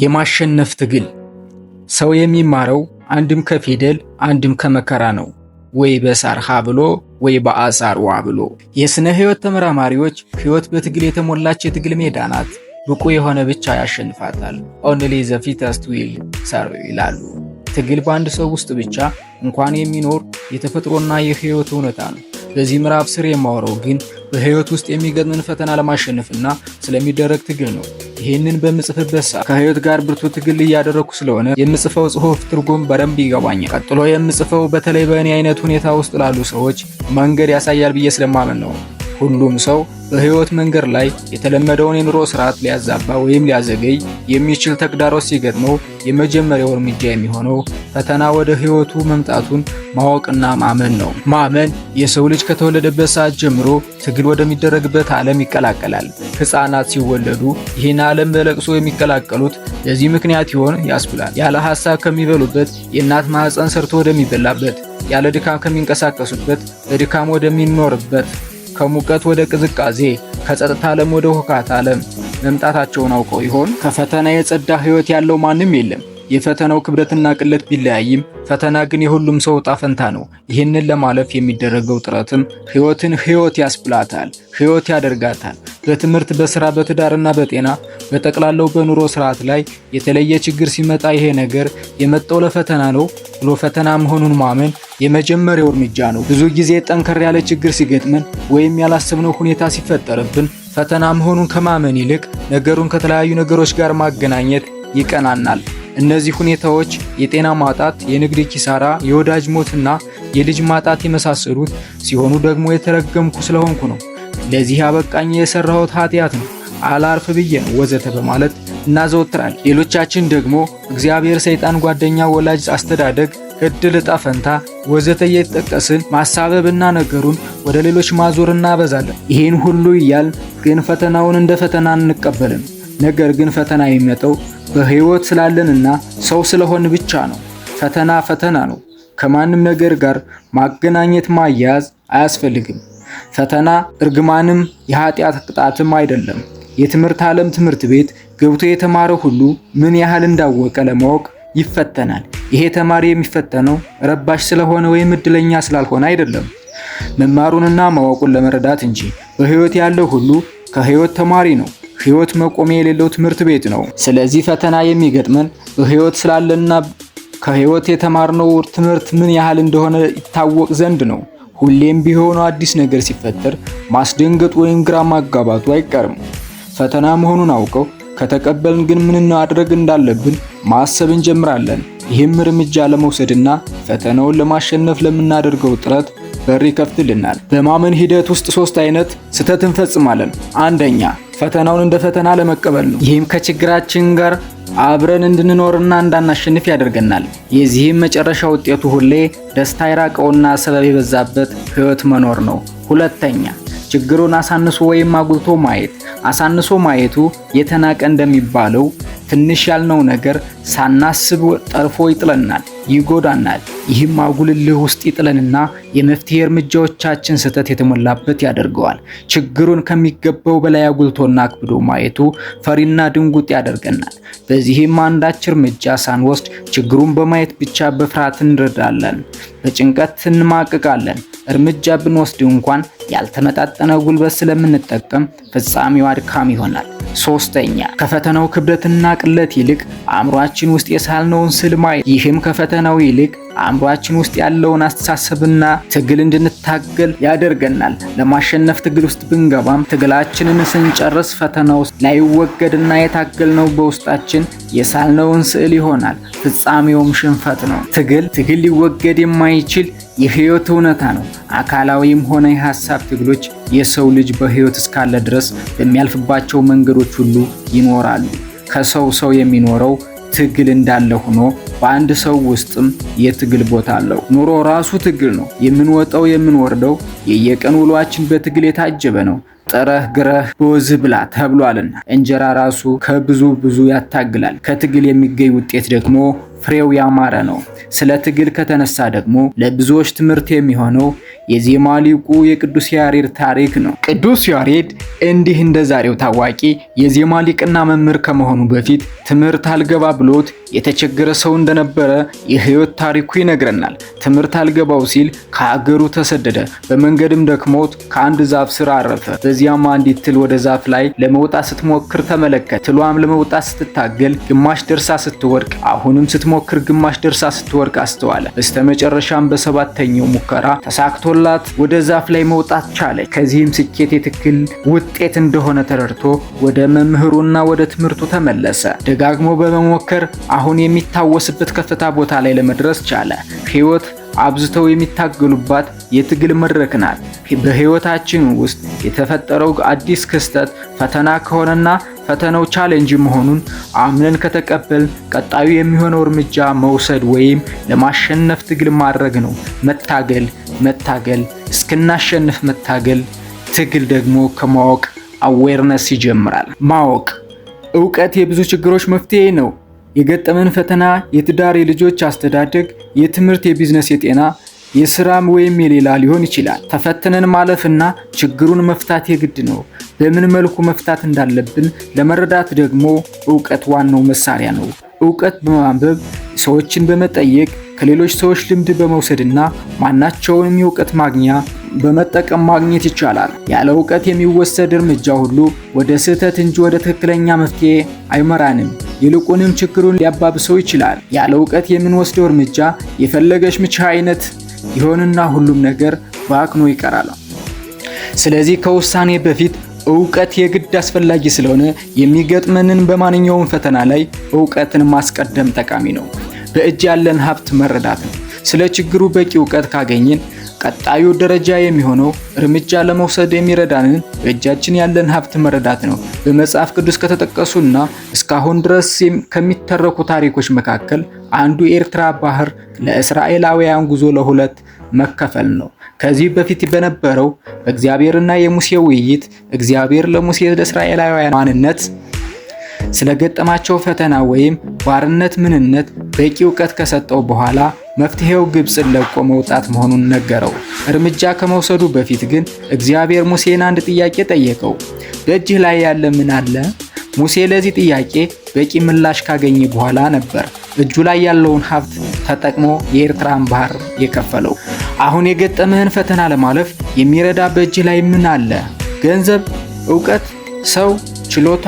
የማሸነፍ ትግል ሰው የሚማረው አንድም ከፊደል አንድም ከመከራ ነው። ወይ በሳር ሃ ብሎ ወይ በአሳር ዋ ብሎ። የሥነ ሕይወት ተመራማሪዎች ሕይወት በትግል የተሞላች የትግል ሜዳ ናት፣ ብቁ የሆነ ብቻ ያሸንፋታል፣ ኦንሊ ዘ ፊተስት ዊል ሰርቭ ይላሉ። ትግል በአንድ ሰው ውስጥ ብቻ እንኳን የሚኖር የተፈጥሮና የሕይወት እውነታ ነው። በዚህ ምዕራፍ ስር የማወራው ግን በሕይወት ውስጥ የሚገጥምን ፈተና ለማሸነፍና ስለሚደረግ ትግል ነው። ይህንን በምጽፍበት ሰዓት ከህይወት ጋር ብርቱ ትግል እያደረግኩ ስለሆነ የምጽፈው ጽሁፍ ትርጉም በደንብ ይገባኛል። ቀጥሎ የምጽፈው በተለይ በእኔ አይነት ሁኔታ ውስጥ ላሉ ሰዎች መንገድ ያሳያል ብዬ ስለማመን ነው። ሁሉም ሰው በህይወት መንገድ ላይ የተለመደውን የኑሮ ስርዓት ሊያዛባ ወይም ሊያዘገይ የሚችል ተግዳሮት ሲገጥመው የመጀመሪያው እርምጃ የሚሆነው ፈተና ወደ ህይወቱ መምጣቱን ማወቅና ማመን ነው። ማመን የሰው ልጅ ከተወለደበት ሰዓት ጀምሮ ትግል ወደሚደረግበት ዓለም ይቀላቀላል። ሕፃናት ሲወለዱ ይህን ዓለም በለቅሶ የሚቀላቀሉት ለዚህ ምክንያት ይሆን ያስብላል። ያለ ሐሳብ ከሚበሉበት የእናት ማኅፀን ሰርቶ ወደሚበላበት፣ ያለ ድካም ከሚንቀሳቀሱበት በድካም ወደሚኖርበት፣ ከሙቀት ወደ ቅዝቃዜ፣ ከጸጥታ ዓለም ወደ ሆካት ዓለም መምጣታቸውን አውቀው ይሆን? ከፈተና የጸዳ ሕይወት ያለው ማንም የለም። የፈተናው ክብደትና ቅለት ቢለያይም ፈተና ግን የሁሉም ሰው እጣ ፈንታ ነው። ይህንን ለማለፍ የሚደረገው ጥረትም ህይወትን ህይወት ያስብላታል፣ ህይወት ያደርጋታል። በትምህርት በስራ በትዳርና በጤና በጠቅላላው በኑሮ ስርዓት ላይ የተለየ ችግር ሲመጣ ይሄ ነገር የመጣው ለፈተና ነው ብሎ ፈተና መሆኑን ማመን የመጀመሪያው እርምጃ ነው። ብዙ ጊዜ ጠንከር ያለ ችግር ሲገጥመን ወይም ያላሰብነው ሁኔታ ሲፈጠርብን ፈተና መሆኑን ከማመን ይልቅ ነገሩን ከተለያዩ ነገሮች ጋር ማገናኘት ይቀናናል። እነዚህ ሁኔታዎች የጤና ማጣት፣ የንግድ ኪሳራ፣ የወዳጅ ሞትና የልጅ ማጣት የመሳሰሉት ሲሆኑ ደግሞ የተረገምኩ ስለሆንኩ ነው፣ ለዚህ አበቃኝ፣ የሰራሁት ኃጢአት ነው፣ አላርፍ ብዬ ነው ወዘተ በማለት እናዘወትራል። ሌሎቻችን ደግሞ እግዚአብሔር፣ ሰይጣን፣ ጓደኛ፣ ወላጅ፣ አስተዳደግ፣ እድል፣ እጣ ፈንታ ወዘተ እየጠቀስን ማሳበብና ነገሩን ወደ ሌሎች ማዞር እናበዛለን። ይህን ሁሉ እያል ግን ፈተናውን እንደ ፈተና እንቀበልን። ነገር ግን ፈተና የሚመጣው በህይወት ስላለንና ሰው ስለሆን ብቻ ነው። ፈተና ፈተና ነው። ከማንም ነገር ጋር ማገናኘት ማያያዝ አያስፈልግም። ፈተና እርግማንም የኃጢአት ቅጣትም አይደለም። የትምህርት ዓለም ትምህርት ቤት ገብቶ የተማረ ሁሉ ምን ያህል እንዳወቀ ለማወቅ ይፈተናል። ይሄ ተማሪ የሚፈተነው ረባሽ ስለሆነ ወይም እድለኛ ስላልሆነ አይደለም፣ መማሩንና ማወቁን ለመረዳት እንጂ። በህይወት ያለው ሁሉ ከህይወት ተማሪ ነው። ህይወት መቆሚያ የሌለው ትምህርት ቤት ነው። ስለዚህ ፈተና የሚገጥመን ህይወት ስላለና ከህይወት የተማርነው ትምህርት ምን ያህል እንደሆነ ይታወቅ ዘንድ ነው። ሁሌም ቢሆኑ አዲስ ነገር ሲፈጠር ማስደንገጡ ወይም ግራ ማጋባቱ አይቀርም። ፈተና መሆኑን አውቀው ከተቀበልን ግን ምን ማድረግ እንዳለብን ማሰብ እንጀምራለን። ይህም እርምጃ ለመውሰድና ፈተናውን ለማሸነፍ ለምናደርገው ጥረት በር ይከፍትልናል። በማመን ሂደት ውስጥ ሶስት አይነት ስህተት እንፈጽማለን። አንደኛ ፈተናውን እንደ ፈተና ለመቀበል ነው። ይህም ከችግራችን ጋር አብረን እንድንኖርና እንዳናሸንፍ ያደርገናል። የዚህም መጨረሻ ውጤቱ ሁሌ ደስታ የራቀውና ሰበብ የበዛበት ህይወት መኖር ነው። ሁለተኛ ችግሩን አሳንሶ ወይም አጉልቶ ማየት። አሳንሶ ማየቱ የተናቀ እንደሚባለው ትንሽ ያልነው ነገር ሳናስብ ጠልፎ ይጥለናል፣ ይጎዳናል። ይህም አጉልልህ ውስጥ ይጥለንና የመፍትሄ እርምጃዎቻችን ስህተት የተሞላበት ያደርገዋል። ችግሩን ከሚገባው በላይ አጉልቶና አክብዶ ማየቱ ፈሪና ድንጉጥ ያደርገናል። በዚህም አንዳች እርምጃ ሳንወስድ ችግሩን በማየት ብቻ በፍርሃት እንረዳለን፣ በጭንቀት እንማቅቃለን። እርምጃ ብንወስድ እንኳን ያልተመጣጠነ ጉልበት ስለምንጠቀም ፍጻሜው አድካም ይሆናል። ሶስተኛ ከፈተናው ክብደትና ቅለት ይልቅ አእምሯችን ውስጥ የሳልነውን ስል ማየት። ይህም ከፈተናው ይልቅ አእምሯችን ውስጥ ያለውን አስተሳሰብና ትግል እንድንታገል ያደርገናል። ለማሸነፍ ትግል ውስጥ ብንገባም ትግላችንን ስንጨርስ ፈተናው ላይወገድና የታገልነው በውስጣችን የሳልነውን ስዕል ይሆናል። ፍጻሜውም ሽንፈት ነው። ትግል ትግል ሊወገድ የማይችል የህይወት እውነታ ነው። አካላዊም ሆነ የሀሳብ ትግሎች የሰው ልጅ በህይወት እስካለ ድረስ በሚያልፍባቸው መንገዶች ሁሉ ይኖራሉ። ከሰው ሰው የሚኖረው ትግል እንዳለ ሆኖ በአንድ ሰው ውስጥም የትግል ቦታ አለው። ኑሮ ራሱ ትግል ነው። የምንወጣው የምንወርደው፣ የየቀን ውሏችን በትግል የታጀበ ነው። ጥረህ ግረህ በወዝህ ብላ ተብሏልና እንጀራ ራሱ ከብዙ ብዙ ያታግላል። ከትግል የሚገኝ ውጤት ደግሞ ፍሬው ያማረ ነው። ስለ ትግል ከተነሳ ደግሞ ለብዙዎች ትምህርት የሚሆነው የዜማ ሊቁ የቅዱስ ያሬድ ታሪክ ነው። ቅዱስ ያሬድ እንዲህ እንደ ዛሬው ታዋቂ የዜማ ሊቅና መምህር ከመሆኑ በፊት ትምህርት አልገባ ብሎት የተቸገረ ሰው እንደነበረ የህይወት ታሪኩ ይነግረናል። ትምህርት አልገባው ሲል ከሀገሩ ተሰደደ። በመንገድም ደክሞት ከአንድ ዛፍ ስር አረፈ። በዚያም አንዲት ትል ወደ ዛፍ ላይ ለመውጣት ስትሞክር ተመለከተ። ትሏም ለመውጣት ስትታገል ግማሽ ደርሳ ስትወድቅ አሁንም ስትሞ ስትሞክር ግማሽ ደርሳ ስትወርቅ አስተዋለ። በስተመጨረሻም በሰባተኛው ሙከራ ተሳክቶላት ወደ ዛፍ ላይ መውጣት ቻለ። ከዚህም ስኬት የትክል ውጤት እንደሆነ ተረድቶ ወደ መምህሩና ወደ ትምህርቱ ተመለሰ። ደጋግሞ በመሞከር አሁን የሚታወስበት ከፍታ ቦታ ላይ ለመድረስ ቻለ። ህይወት አብዝተው የሚታገሉባት የትግል መድረክ ናት። በህይወታችን ውስጥ የተፈጠረው አዲስ ክስተት ፈተና ከሆነና ፈተናው ቻሌንጅ መሆኑን አምነን ከተቀበል ቀጣዩ የሚሆነው እርምጃ መውሰድ ወይም ለማሸነፍ ትግል ማድረግ ነው። መታገል መታገል እስክናሸንፍ መታገል። ትግል ደግሞ ከማወቅ አዌርነስ ይጀምራል። ማወቅ እውቀት የብዙ ችግሮች መፍትሄ ነው። የገጠመን ፈተና የትዳር፣ የልጆች አስተዳደግ፣ የትምህርት፣ የቢዝነስ፣ የጤና፣ የስራም ወይም የሌላ ሊሆን ይችላል። ተፈትነን ማለፍና ችግሩን መፍታት የግድ ነው። በምን መልኩ መፍታት እንዳለብን ለመረዳት ደግሞ እውቀት ዋናው መሳሪያ ነው። እውቀት በማንበብ ሰዎችን በመጠየቅ ከሌሎች ሰዎች ልምድ በመውሰድና ማናቸውንም የእውቀት ማግኛ በመጠቀም ማግኘት ይቻላል። ያለ እውቀት የሚወሰድ እርምጃ ሁሉ ወደ ስህተት እንጂ ወደ ትክክለኛ መፍትሄ አይመራንም፣ ይልቁንም ችግሩን ሊያባብሰው ይችላል። ያለ እውቀት የምንወስደው እርምጃ የፈለገች ምቻ አይነት ይሆንና ሁሉም ነገር በአክኖ ይቀራል። ስለዚህ ከውሳኔ በፊት እውቀት የግድ አስፈላጊ ስለሆነ የሚገጥመንን በማንኛውም ፈተና ላይ እውቀትን ማስቀደም ጠቃሚ ነው። በእጅ ያለን ሀብት መረዳት ነው። ስለ ችግሩ በቂ እውቀት ካገኘን ቀጣዩ ደረጃ የሚሆነው እርምጃ ለመውሰድ የሚረዳንን በእጃችን ያለን ሀብት መረዳት ነው። በመጽሐፍ ቅዱስ ከተጠቀሱና እስካሁን ድረስ ከሚተረኩ ታሪኮች መካከል አንዱ የኤርትራ ባህር ለእስራኤላውያን ጉዞ ለሁለት መከፈል ነው። ከዚህ በፊት በነበረው እግዚአብሔርና የሙሴ ውይይት እግዚአብሔር ለሙሴ ለእስራኤላውያን ማንነት ስለገጠማቸው ፈተና ወይም ባርነት ምንነት በቂ እውቀት ከሰጠው በኋላ መፍትሄው ግብፅን ለቆ መውጣት መሆኑን ነገረው። እርምጃ ከመውሰዱ በፊት ግን እግዚአብሔር ሙሴን አንድ ጥያቄ ጠየቀው። በእጅህ ላይ ያለ ምን አለ? ሙሴ ለዚህ ጥያቄ በቂ ምላሽ ካገኘ በኋላ ነበር እጁ ላይ ያለውን ሀብት ተጠቅሞ የኤርትራን ባህር የከፈለው። አሁን የገጠመህን ፈተና ለማለፍ የሚረዳ በእጅ ላይ ምን አለ? ገንዘብ፣ እውቀት፣ ሰው፣ ችሎታ፣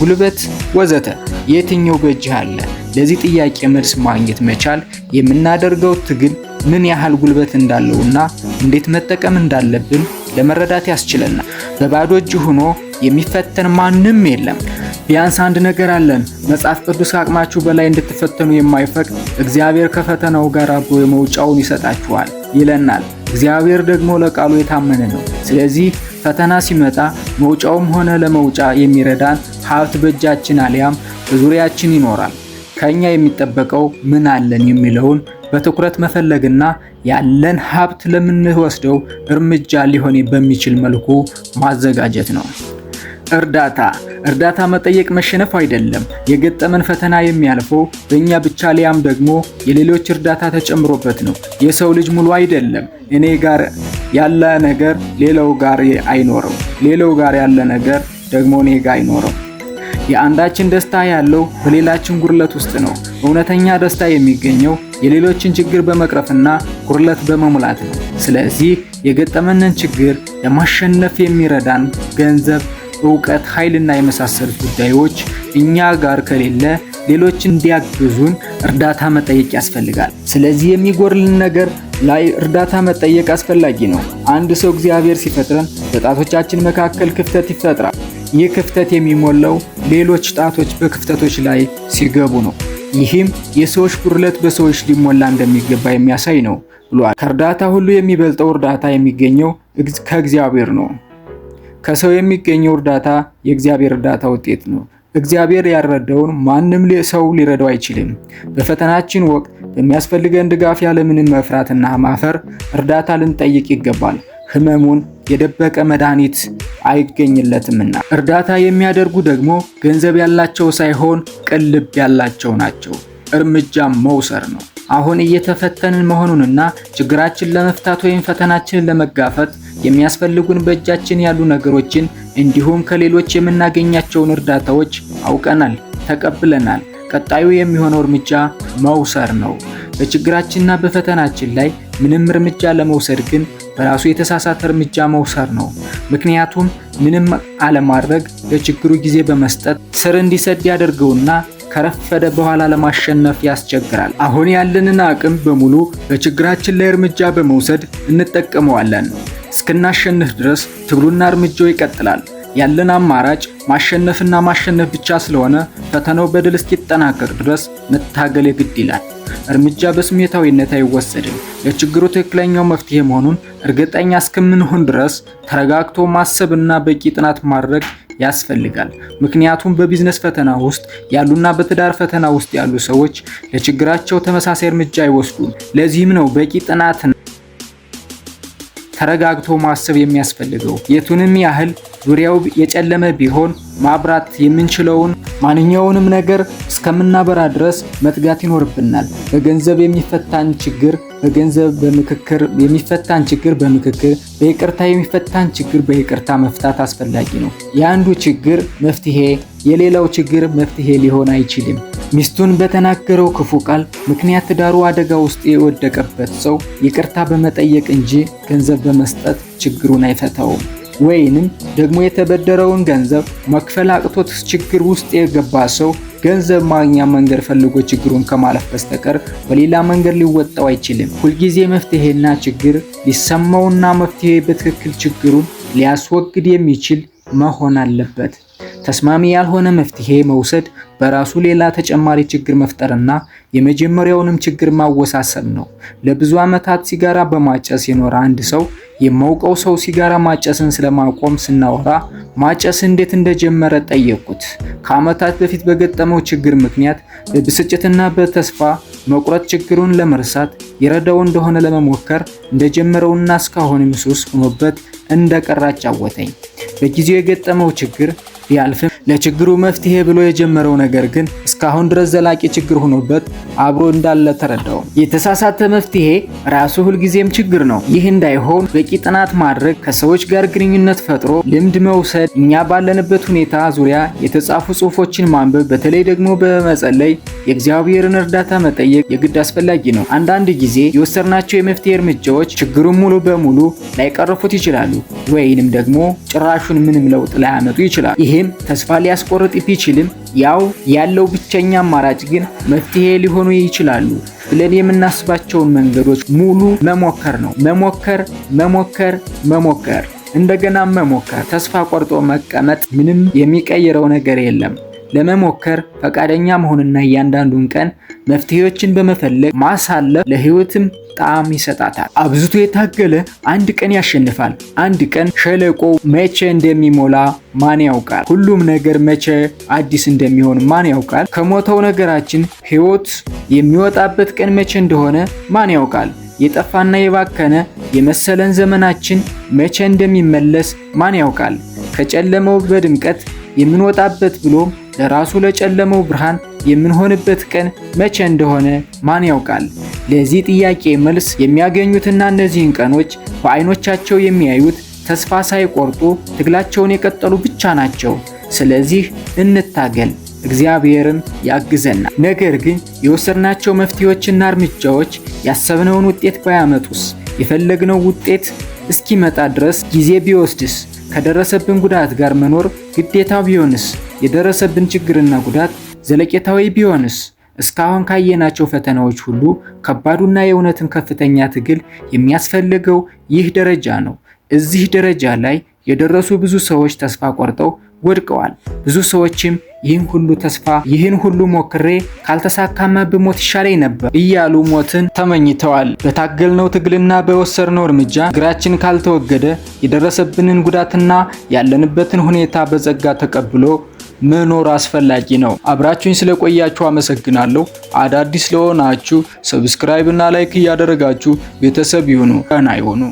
ጉልበት ወዘተ የትኛው በእጅህ አለ? ለዚህ ጥያቄ መልስ ማግኘት መቻል የምናደርገው ትግል ምን ያህል ጉልበት እንዳለውና እንዴት መጠቀም እንዳለብን ለመረዳት ያስችለናል። በባዶ እጅ ሆኖ የሚፈተን ማንም የለም። ቢያንስ አንድ ነገር አለን። መጽሐፍ ቅዱስ አቅማችሁ በላይ እንድትፈተኑ የማይፈቅድ እግዚአብሔር ከፈተናው ጋር አብሮ የመውጫውን ይሰጣችኋል ይለናል። እግዚአብሔር ደግሞ ለቃሉ የታመነ ነው። ስለዚህ ፈተና ሲመጣ መውጫውም ሆነ ለመውጫ የሚረዳን ሀብት በእጃችን አሊያም በዙሪያችን ይኖራል። ከኛ የሚጠበቀው ምን አለን የሚለውን በትኩረት መፈለግና ያለን ሀብት ለምንወስደው እርምጃ ሊሆን በሚችል መልኩ ማዘጋጀት ነው። እርዳታ እርዳታ መጠየቅ መሸነፍ አይደለም። የገጠመን ፈተና የሚያልፈው በእኛ ብቻ ሊያም ደግሞ የሌሎች እርዳታ ተጨምሮበት ነው። የሰው ልጅ ሙሉ አይደለም። እኔ ጋር ያለ ነገር ሌላው ጋር አይኖረው፣ ሌላው ጋር ያለ ነገር ደግሞ እኔ ጋር አይኖረው። የአንዳችን ደስታ ያለው በሌላችን ጉድለት ውስጥ ነው። እውነተኛ ደስታ የሚገኘው የሌሎችን ችግር በመቅረፍና ጉድለት በመሙላት ነው። ስለዚህ የገጠመንን ችግር ለማሸነፍ የሚረዳን ገንዘብ እውቀት፣ ኃይልና የመሳሰሉት ጉዳዮች እኛ ጋር ከሌለ ሌሎች እንዲያግዙን እርዳታ መጠየቅ ያስፈልጋል። ስለዚህ የሚጎርልን ነገር ላይ እርዳታ መጠየቅ አስፈላጊ ነው። አንድ ሰው እግዚአብሔር ሲፈጥረን በጣቶቻችን መካከል ክፍተት ይፈጥራል። ይህ ክፍተት የሚሞላው ሌሎች ጣቶች በክፍተቶች ላይ ሲገቡ ነው። ይህም የሰዎች ጉድለት በሰዎች ሊሞላ እንደሚገባ የሚያሳይ ነው ብሏል። ከእርዳታ ሁሉ የሚበልጠው እርዳታ የሚገኘው ከእግዚአብሔር ነው። ከሰው የሚገኘው እርዳታ የእግዚአብሔር እርዳታ ውጤት ነው። እግዚአብሔር ያልረዳውን ማንም ሰው ሊረዳው አይችልም። በፈተናችን ወቅት በሚያስፈልገን ድጋፍ ያለምንም መፍራትና ማፈር እርዳታ ልንጠይቅ ይገባል። ህመሙን የደበቀ መድኃኒት አይገኝለትምና እርዳታ የሚያደርጉ ደግሞ ገንዘብ ያላቸው ሳይሆን ቅልብ ያላቸው ናቸው። እርምጃም መውሰድ ነው። አሁን እየተፈተንን መሆኑንና ችግራችን ለመፍታት ወይም ፈተናችንን ለመጋፈጥ የሚያስፈልጉን በእጃችን ያሉ ነገሮችን እንዲሁም ከሌሎች የምናገኛቸውን እርዳታዎች አውቀናል፣ ተቀብለናል። ቀጣዩ የሚሆነው እርምጃ መውሰር ነው። በችግራችንና በፈተናችን ላይ ምንም እርምጃ ለመውሰድ ግን በራሱ የተሳሳተ እርምጃ መውሰር ነው። ምክንያቱም ምንም አለማድረግ ለችግሩ ጊዜ በመስጠት ስር እንዲሰድ ያደርገውና ከረፈደ በኋላ ለማሸነፍ ያስቸግራል። አሁን ያለንን አቅም በሙሉ በችግራችን ላይ እርምጃ በመውሰድ እንጠቀመዋለን። እስክናሸንፍ ድረስ ትግሉና እርምጃው ይቀጥላል። ያለን አማራጭ ማሸነፍና ማሸነፍ ብቻ ስለሆነ ፈተናው በድል እስኪጠናቀቅ ድረስ መታገል የግድ ይላል። እርምጃ በስሜታዊነት አይወሰድም። ለችግሩ ትክክለኛው መፍትሄ መሆኑን እርግጠኛ እስከምንሆን ድረስ ተረጋግቶ ማሰብና በቂ ጥናት ማድረግ ያስፈልጋል። ምክንያቱም በቢዝነስ ፈተና ውስጥ ያሉና በትዳር ፈተና ውስጥ ያሉ ሰዎች ለችግራቸው ተመሳሳይ እርምጃ አይወስዱም። ለዚህም ነው በቂ ጥናትና ተረጋግቶ ማሰብ የሚያስፈልገው። የቱንም ያህል ዙሪያው የጨለመ ቢሆን ማብራት የምንችለውን ማንኛውንም ነገር እስከምናበራ ድረስ መትጋት ይኖርብናል። በገንዘብ የሚፈታን ችግር በገንዘብ በምክክር የሚፈታን ችግር በምክክር በይቅርታ የሚፈታን ችግር በይቅርታ መፍታት አስፈላጊ ነው። የአንዱ ችግር መፍትሄ የሌላው ችግር መፍትሄ ሊሆን አይችልም። ሚስቱን በተናገረው ክፉ ቃል ምክንያት ትዳሩ አደጋ ውስጥ የወደቀበት ሰው ይቅርታ በመጠየቅ እንጂ ገንዘብ በመስጠት ችግሩን አይፈታውም። ወይንም ደግሞ የተበደረውን ገንዘብ መክፈል አቅቶት ችግር ውስጥ የገባ ሰው ገንዘብ ማግኛ መንገድ ፈልጎ ችግሩን ከማለፍ በስተቀር በሌላ መንገድ ሊወጣው አይችልም። ሁልጊዜ መፍትሄና ችግር ሊሰማውና መፍትሄ በትክክል ችግሩን ሊያስወግድ የሚችል መሆን አለበት። ተስማሚ ያልሆነ መፍትሄ መውሰድ በራሱ ሌላ ተጨማሪ ችግር መፍጠርና የመጀመሪያውንም ችግር ማወሳሰብ ነው። ለብዙ ዓመታት ሲጋራ በማጨስ የኖረ አንድ ሰው የማውቀው ሰው ሲጋራ ማጨስን ስለማቆም ስናወራ ማጨስ እንዴት እንደጀመረ ጠየቁት። ከዓመታት በፊት በገጠመው ችግር ምክንያት በብስጭትና በተስፋ መቁረጥ ችግሩን ለመርሳት የረዳው እንደሆነ ለመሞከር እንደጀመረውና እስካሁንም ሱስ ሆኖበት እንደቀራ አጫወተኝ። በጊዜው የገጠመው ችግር y al fin ለችግሩ መፍትሄ ብሎ የጀመረው ነገር ግን እስካሁን ድረስ ዘላቂ ችግር ሆኖበት አብሮ እንዳለ ተረዳው። የተሳሳተ መፍትሄ ራሱ ሁልጊዜም ችግር ነው። ይህ እንዳይሆን በቂ ጥናት ማድረግ፣ ከሰዎች ጋር ግንኙነት ፈጥሮ ልምድ መውሰድ፣ እኛ ባለንበት ሁኔታ ዙሪያ የተጻፉ ጽሁፎችን ማንበብ፣ በተለይ ደግሞ በመጸለይ የእግዚአብሔርን እርዳታ መጠየቅ የግድ አስፈላጊ ነው። አንዳንድ ጊዜ የወሰድናቸው የመፍትሄ እርምጃዎች ችግሩን ሙሉ በሙሉ ላይቀርፉት ይችላሉ፣ ወይንም ደግሞ ጭራሹን ምንም ለውጥ ላያመጡ ይችላል። ይህም ተስፋ ተስፋ ሊያስቆርጥ ቢችልም ያው ያለው ብቸኛ አማራጭ ግን መፍትሄ ሊሆኑ ይችላሉ ብለን የምናስባቸውን መንገዶች ሙሉ መሞከር ነው። መሞከር፣ መሞከር፣ መሞከር እንደገና መሞከር። ተስፋ ቆርጦ መቀመጥ ምንም የሚቀይረው ነገር የለም። ለመሞከር ፈቃደኛ መሆንና እያንዳንዱን ቀን መፍትሄዎችን በመፈለግ ማሳለፍ ለህይወትም ጣዕም ይሰጣታል። አብዝቶ የታገለ አንድ ቀን ያሸንፋል። አንድ ቀን ሸለቆ መቼ እንደሚሞላ ማን ያውቃል? ሁሉም ነገር መቼ አዲስ እንደሚሆን ማን ያውቃል? ከሞተው ነገራችን ህይወት የሚወጣበት ቀን መቼ እንደሆነ ማን ያውቃል? የጠፋና የባከነ የመሰለን ዘመናችን መቼ እንደሚመለስ ማን ያውቃል? ከጨለመው በድምቀት የምንወጣበት ብሎ ለራሱ ለጨለመው ብርሃን የምንሆንበት ቀን መቼ እንደሆነ ማን ያውቃል? ለዚህ ጥያቄ መልስ የሚያገኙትና እነዚህን ቀኖች በአይኖቻቸው የሚያዩት ተስፋ ሳይቆርጡ ትግላቸውን የቀጠሉ ብቻ ናቸው። ስለዚህ እንታገል፣ እግዚአብሔርም ያግዘናል። ነገር ግን የወሰድናቸው መፍትሄዎችና እርምጃዎች ያሰብነውን ውጤት ባያመጡስ? የፈለግነው ውጤት እስኪመጣ ድረስ ጊዜ ቢወስድስ? ከደረሰብን ጉዳት ጋር መኖር ግዴታ ቢሆንስ? የደረሰብን ችግርና ጉዳት ዘለቄታዊ ቢሆንስ? እስካሁን ካየናቸው ፈተናዎች ሁሉ ከባዱና የእውነትን ከፍተኛ ትግል የሚያስፈልገው ይህ ደረጃ ነው። እዚህ ደረጃ ላይ የደረሱ ብዙ ሰዎች ተስፋ ቆርጠው ወድቀዋል። ብዙ ሰዎችም ይህን ሁሉ ተስፋ ይህን ሁሉ ሞክሬ ካልተሳካማ ብሞት ይሻለኝ ነበር እያሉ ሞትን ተመኝተዋል። በታገልነው ትግልና በወሰድነው እርምጃ እግራችን ካልተወገደ የደረሰብንን ጉዳትና ያለንበትን ሁኔታ በጸጋ ተቀብሎ መኖር አስፈላጊ ነው። አብራችሁኝ ስለቆያችሁ አመሰግናለሁ። አዳዲስ ለሆናችሁ ሰብስክራይብ እና ላይክ እያደረጋችሁ ቤተሰብ ይሁኑ ቀና ይሁኑ።